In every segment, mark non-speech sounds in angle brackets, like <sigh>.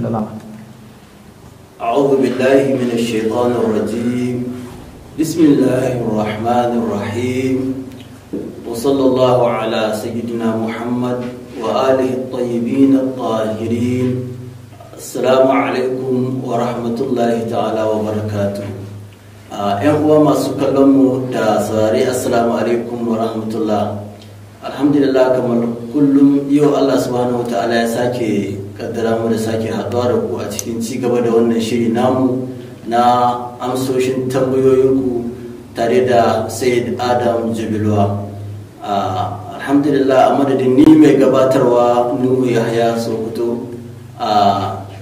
الأمامة أعوذ بالله من الشيطان الرجيم بسم الله الرحمن الرحيم وصلى الله على سيدنا محمد وآله الطيبين الطاهرين السلام عليكم ورحمة الله تعالى وبركاته أن آه، هو ما سكلم تاساري السلام عليكم ورحمة الله الحمد لله كما كل يو الله سبحانه وتعالى ساكي kaddara mu da sake haɗuwa da ku a cikin ci gaba da wannan shiri namu na amsoshin tambayoyinku tare da Said Adam Jibilwa. Alhamdulillah a madadin ni mai gabatarwa Nuhu Yahya Sokoto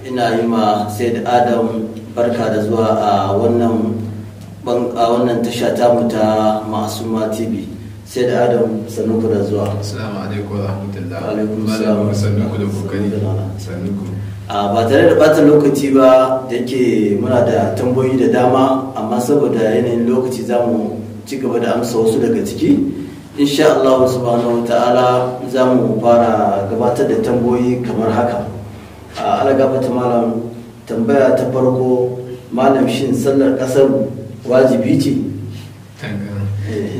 ina yi ma Said Adam barka da zuwa a wannan tashata mu ta Masuma TV. sai da adam sannu ku da zuwa alaikum wa rahmatullah alaikum sannu ku da kokari sannu ku ba tare da bata lokaci ba da ke muna da tambayoyi da dama amma saboda yanayin lokaci za mu ci gaba da amsa wasu daga ciki insha Allah subhanahu wa ta'ala za mu fara gabatar da tambayoyi kamar haka a alagabata malam tambaya ta farko malam shin sallar kasar wajibi ce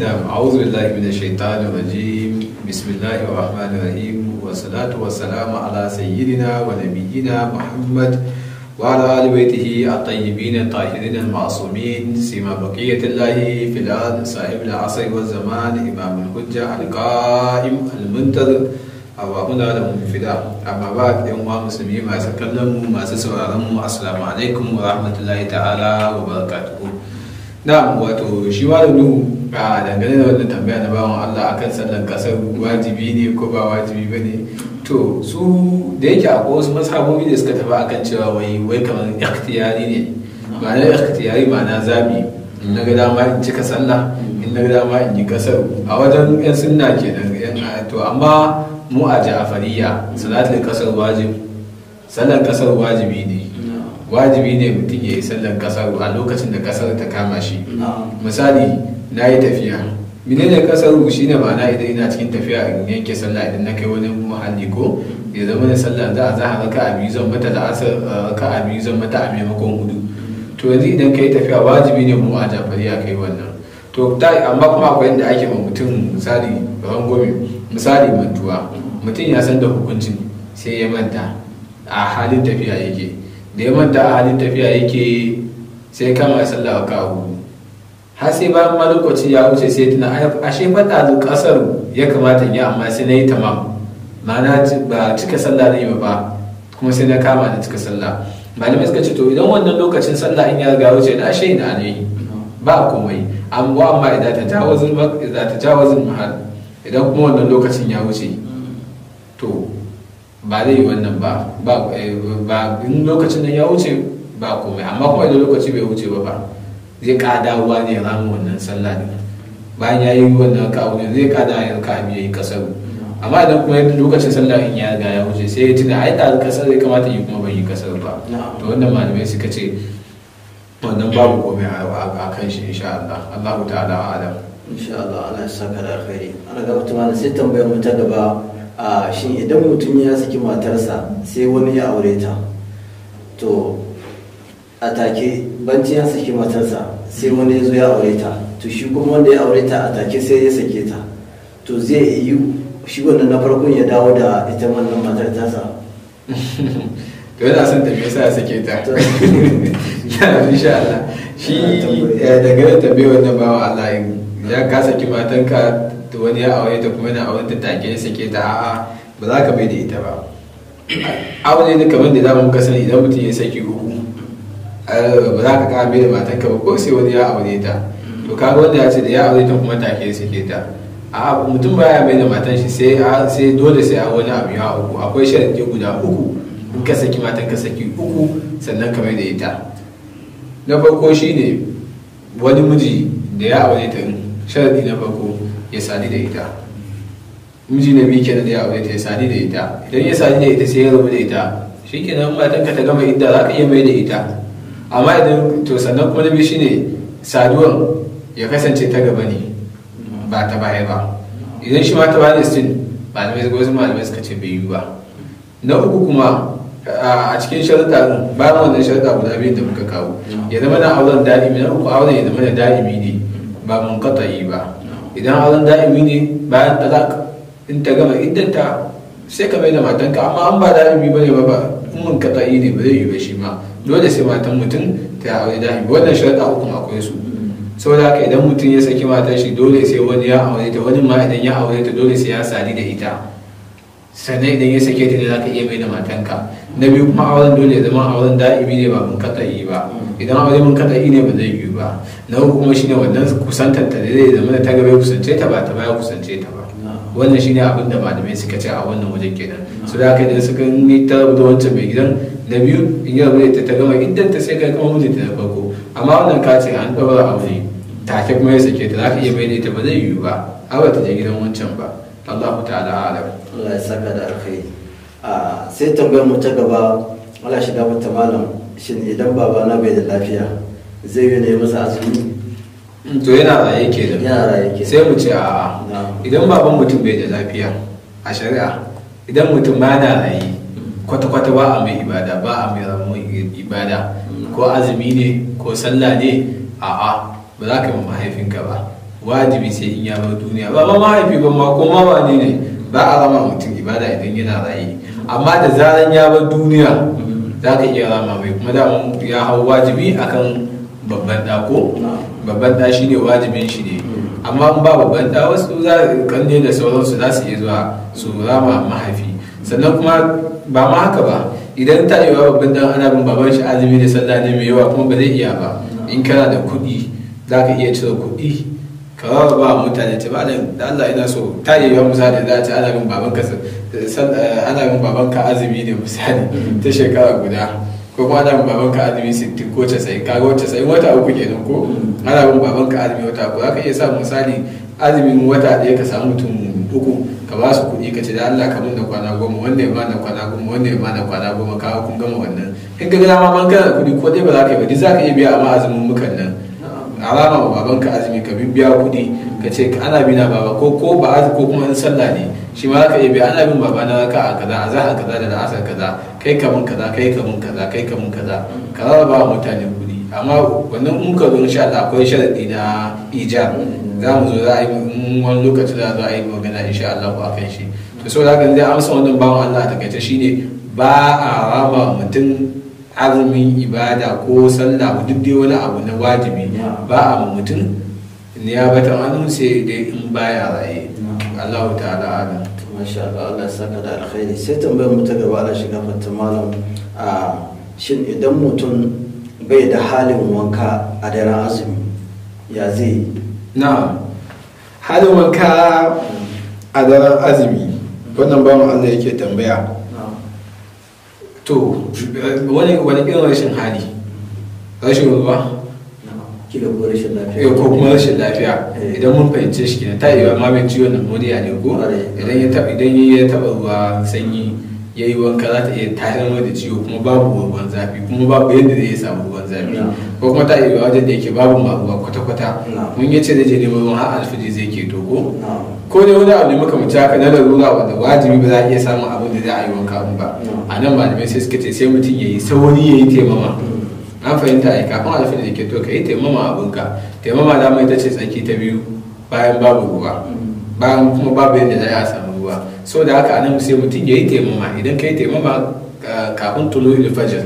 نعم أعوذ بالله من الشيطان الرجيم بسم الله الرحمن الرحيم والصلاة والسلام على سيدنا ونبينا محمد وعلى آل بيته الطيبين الطاهرين المعصومين سيما بقية الله في الأرض صاحب العصر والزمان إمام الحجة القائم المنتظر أو da لهم fida amma أما بعد يوم musulmi masu kallon mu masu sauraron mu assalamu alaikum wa rahmatullahi ta'ala wa barakatuhu na'am a dangane da wannan tambaya na bawan Allah akan sallan kasar wajibi ne ko ba wajibi ba ne to su da yake a wasu mas'abobi da suka tafi akan cewa wai wai kamar ikhtiyari ne Ba na ikhtiyari na zabi in na ga dama in cika sallah in na ga dama in yi kasar a wajen yan sunna kenan yan to amma mu a ja'afariya salatul kasar wajib sallan kasar wajibi ne wajibi ne mutum ya yi sallar kasar a lokacin da kasar ta kama shi misali na yi tafiya menene kasar shi ne ma'ana idan ina cikin tafiya a yanke sallah idan na kai wani muhalli ko ya zama da sallar za a zaha raka a biyu zan mata da asar raka a biyu zan mata a maimakon hudu to yanzu idan ka yi tafiya wajibi ne mu a jafari a kai wannan to amma kuma akwai yadda ake ma mutum misali rangome misali mantuwa mutum ya san da hukuncin sai ya manta a halin tafiya yake da ya ta a halin tafiya yake sai kama sallah a kawo har sai ba ma lokaci ya wuce sai tuna ashe fata da kasar ya kamata ya amma sai na yi tamam ma'ana ba cika sallah na yi ba kuma sai na kama na cika sallah malamai suka ce to idan wannan lokacin sallah in ya ga wuce na ashe ina ne ba komai an bu amma idan ta jawazin idan ta jawazin mahal idan kuma wannan lokacin ya wuce to ba zai yi wannan ba ba eh, in lokacin da ya wuce ba komai amma kuma idan lokaci bai wuce ba ba zai kada wa ne ramin wannan sallah ne bayan ya yi wannan kawo zai kada ya ka abi ya yi kasar amma idan kuma lokacin sallah in ya ga ya wuce sai ya tuna ai da kasar zai kamata yi kuma bai yi kasar ba to wannan malamai suka ce wannan babu komai a kan shi insha Allah Allahu ta'ala a'lam insha Allah Allah ya saka da alkhairi ana ga mutum sai tambayar mu ta gaba a shi idan mutum ya saki matarsa sai wani ya aure ta to a take banci ya saki matarsa sai wani ya zo ya aure ta to shi kuma wanda ya aure ta a take sai ya sake ta to zai yi shi wanda na farkon ya dawo da ita wannan matar tasa to yana son ta me yasa ya sake ta <laughs> Ya yana insha Allah shi eh, daga nan tambayar wannan bawa Allah ya ka saki matanka to wani ya aure ta kuma yana aure ta take ya sake ta a'a ba za ka bai da ita ba abu ne kamar da za mu sani idan mutum ya saki uku eh, ba za ka kama bai da matan ka ba ko sai wani ya aure ta to ga wanda ya ce da ya aure ta kuma take ya sake ta a mutum baya bai da matan shi sai sai dole sai a wani abu ya uku akwai sharadi guda uku in ka saki matan ka saki uku sannan ka bai da ita na farko shine wani miji da ya aure ta sharadi na farko ya sadi da ita miji na biyu kenan ya aure ta ya sadi da ita idan ya sadi da ita sai ya rabu da ita shi matan ka ta gama idda za ka iya mai da ita amma idan to sannan kuma na biyu shine saduwar ya kasance ta gaba ne ba ta baya ba idan shi ma ta baya sin malamai wasu malamai suka ce bai yi ba na uku kuma a cikin sharuɗa ɗin bayan wannan sharuɗa guda biyu da muka kawo ya zama na auren dalibi na uku auren ya zama na dalibi ne ba mun yi ba idan auren da'imi ne bayan talak in ta gama iddanta sai ka mai da matanka amma an ba da'imi bane ba ba mun ka ta'i ne ba zai yi ba shi ma dole sai matan mutum ta aure da'imi wannan sharaɗa hukum akwai su saboda haka idan mutum ya saki matan shi dole sai wani ya aure ta wani ma idan ya aure ta dole sai ya sadi da ita sannan idan ya sake ta da za ka iya mai da matanka na biyu kuma auren dole ya zama auren da'imi ne ba mun yi ba idan aure mun yi ne ba zai yi ba na uku kuma shine wannan kusantar ta zai zama da ta gaba ya kusance ta ba ta baya kusance ta ba wannan shine abin da malamai suka ce a wannan wajen kenan su da idan suka ni ta da wancan mai gidan na biyu in yau zai ta gama idan ta sai kai kuma ta na farko amma wannan ka ce an ɗaura aure take kuma ya sake ta za ka iya bai ne ta ba zai yi ba a ba ta je gidan wancan ba Allahu ta'ala alam Allah ya saka da alkhairi sai tambayar mu ta gaba wala shiga mata malam shin idan baba na bai da lafiya zai yi ne masa azumi to yana raye ke da sai mu ce a idan baban mutum bai da lafiya a shari'a idan mutum ba na raye kwata-kwata ba a mai ibada ba a mai ramin ibada ko azumi ne ko sallah ne a'a ba za ka yi mahaifinka ba wajibi sai in ya duniya ba ma mahaifi ba ma ko ma ne ne ba a rama mutum ibada idan yana raye amma da zaran ya bar duniya za ka iya rama mai kuma da ya hau wajibi akan babban ɗa ko babban ɗa shi ne wajibin shi ne amma ba babban ɗa wasu za kalle da sauransu za su iya zuwa su rama mahaifi sannan kuma ba ma haka ba idan ta yi wa babban dan ana bin baban shi azumi da sallah ne mai yawa kuma ba zai iya ba in kana da kuɗi za ka iya cire kuɗi ka ba mutane ce ba da Allah ina so ta yi yawan misali za a ce ana bin babanka eh, ana bin azumi ne misali mm-hmm. ta shekara guda ko kuma ana bin babanka azumi sittin ko casa'in kaga wata casa'in wata uku kenan ko mm-hmm. ana bin babanka azumi wata uku za ka iya samun misali azumin wata ɗaya ka samu mutum uku ka ba su kuɗi ka ce da Allah ka da kwana goma wanda ya bani kwana goma wanda ya mana kwana goma kawo kun gama wannan in ka ga dama bankan kana kuɗi ko dai ba za ka yi ba duk za ka iya biya amma azumin mukan nan alama wa ka azumi ka biya kuɗi ka ce ana bina baba ko ko ba azumi ko kuma in sallah ne shi ma zaka iya biya ana bin baba na raka a kaza a a kaza da la'asar kaza kai ka mun kaza kai ka mun kaza kai ka mun kaza ka raba wa mutane kuɗi amma wannan in ka zo insha Allah akwai sharadi na ijab za mu zo za a yi wani lokaci za a yi magana insha Allah ko akan shi to saboda haka zai amsa wannan bawan Allah ta kace shine ba a rama mutum azumin ibada ko sallah duk dai wani abu na wajibi ba a mutum bata anhu sai dai in baya raye Allahu ta'ala alam masha Allah Allah saka da alkhairi sai tambayar mu ta gaba Allah shiga fatta malam a shin idan mutum bai da halin wanka a daren azumi ya zai na halin wanka a daren azumi wannan ba mu Allah yake tambaya to wani irin rashin hali rashin ruwa ya eh, ko kuma rashin lafiya eh. idan mun fahimce shi kenan ta yiwa ma mai ciwon pneumonia ne ko idan ya taba idan ya taba ruwa sanyi yi wanka za ta iya tarin wani ciwo kuma babu ruwan zafi kuma babu yadda zai samu ruwan zafi ko kuma ta yiwa wajen da yake babu ma ruwa kwata-kwata mun yace da je neman ruwan har alfiji zai ke dogo ko dai wani abu da mutu haka na larura wanda wajibi ba za a iya samun abin da za a yi wanka ba a nan malamai sai suka ce sai mutum ya yi sauri ya yi taimama an fahimta a kafin alfin da ke to ka yi taimama abinka taimama dama ita ce tsaki ta biyu bayan babu ruwa bayan kuma babu yadda za a samu ruwa so da haka anan sai mutum ya yi taimama idan ka yi taimama kafin tulu fajar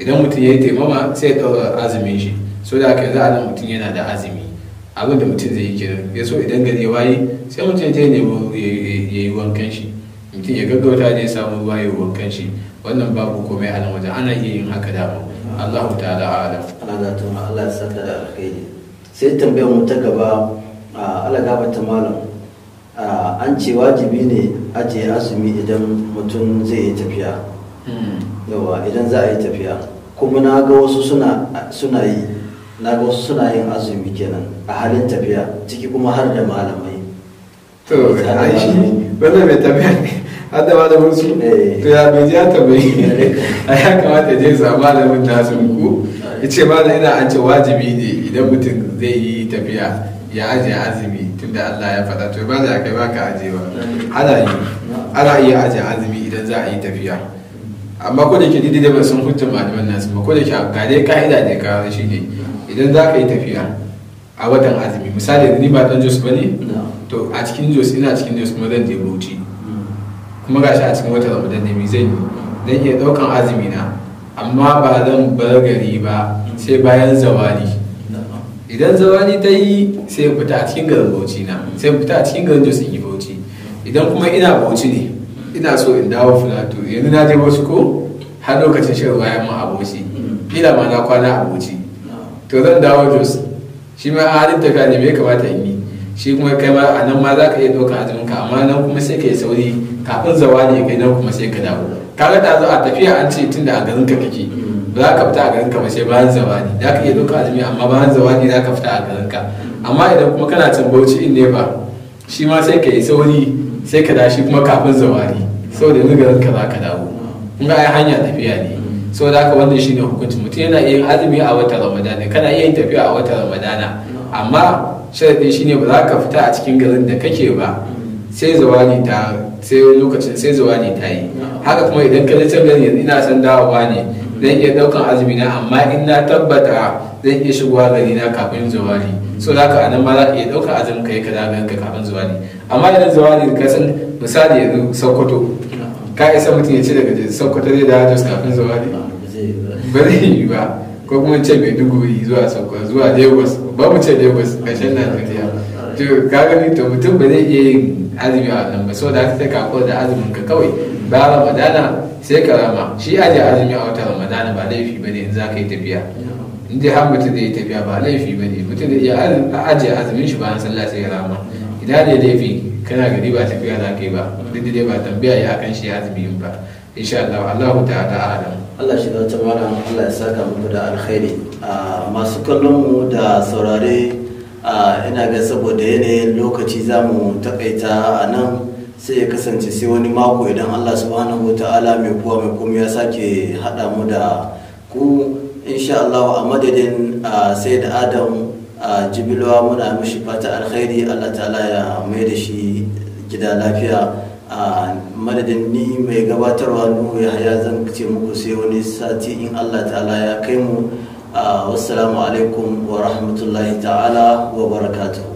idan mutum ya yi taimama sai ya ɗaura azumin shi so da haka yanzu anan mutum yana da azumi abin da mutum zai yi kenan ya so idan gari waye sai mutum ta nemo ya yi wankan shi mutum ya gaggauta ne ya samu ruwa ya wankan shi wannan babu komai a nan wajen ana iya yin haka dama Allah da alam ana tuma Allah ya saka da alkhairi sai tambayar mu ta gaba Allah gaba ta malam an ce wajibi ne ajiye azumi idan mutum zai yi tafiya hmm. yawa idan za a yi tafiya kuma na ga wasu suna yi na ga wasu suna yin azumi kenan a halin tafiya ciki kuma har da malamai to ai shi wannan mai tafiya ne har da malamin su eh. to ya bai ji ya tambayi a ya kamata je sa malamin ta su ku ya ce malam ina an ce wajibi ne idan mutum zai yi tafiya ya ajiye azumi tunda Allah ya faɗa to ba za kai ba ka aje ba eh. ana yi ana iya ajiye azumi idan za a yi tafiya amma ko da ke didi ba sun hujja malaman nasu ba ko da ke ga dai ka'ida da ka shi ne idan za ka yi tafiya a watan azumi misali ni ba dan jos ba ne to a cikin jos ina cikin jos kuma zan je bauchi kuma gashi a cikin watan ramadan ne mi zan yi dan iya daukan azumi na amma ba zan bar gari ba sai bayan zawali idan zawali ta yi sai fita a cikin garin bauchi na sai fita a cikin garin jos in yi bauchi idan kuma ina bauchi ne ina so in dawo filato yanzu na je wasu ko har lokacin shirin ruwa yamma aboci ila ma na kwana aboci to zan dawo jos shi ma a halin tafiya ne me kamata in yi shi kuma kai ma a nan ma za ka iya doka azumin ka amma nan kuma sai ka yi sauri kafin zawa ne kai nan kuma sai ka dawo ka ga zo a tafiya an ce tun da a garin ka kake ba za ka fita a garin ka ba sai bayan zawani za ka iya ɗaukar azumi amma bayan zawani za ka fita a garin ka amma idan kuma kana can bauchi in ne ba shi ma sai ka yi sauri sai ka dashi kuma kafin zawari saboda yanzu garin ka za ka dawo in ga hanya tafiya ne sau da haka wannan shine hukuncin mutum yana iya yin azumi a watan ramadana kana iya yin tafiya a watan ramadana amma sharaɗin shine ba za ka fita a cikin garin da kake ba sai zawani ta sai lokacin sai zawani ta yi haka kuma idan ka can gani yanzu ina son dawowa ne zan iya ɗaukan azumi na amma in na tabbata zan iya shigowa gari na kafin zawani so da aka anan ma za ka iya daukan azumin ka yi ka dawo ka kafin zawani amma yanzu zawari ka san misali yanzu sokoto ka isa mutum ya ce daga sokoto zai da hajjus kafin zawari ba zai yi ba ko kuma ce maiduguri zuwa sokoto zuwa lagos ba mu ce lagos ƙarshen najeriya to ka gani to mutum ba zai iya yin azumi a wannan ba saboda da ta ka kowa da azumin ka kawai ba ramadana sai ka rama shi aje azumi a wata ramadana ba laifi ba ne in za ka yi tafiya in dai har mutum zai yi tafiya ba laifi ba ne mutum zai iya aje azumin shi bayan sallah sai ya rama idan ne laifi kana gari ba tafiya za ka yi ba duk dai ba tambaya ya kan shi azumi ba insha Allah Allahu ta'ala alam Allah shi ta mara Allah ya saka muku da alkhairi masu kallon mu da saurare ina ga saboda yanayin lokaci za mu takaita a nan sai ya kasance sai wani mako idan Allah subhanahu wa ta'ala mai kuwa mai kuma ya sake haɗa mu da ku insha Allah a madadin sai da Adam a jibilawa muna mishi fata alkhairi allah ta'ala ya mai da shi gida lafiya a madadin ni mai gabatarwa nuhu ya haya zan ce muku sai wani sati in allah ta'ala ya kai mu wassalamu alaikum wa rahmatullahi ta'ala wa barakatuhu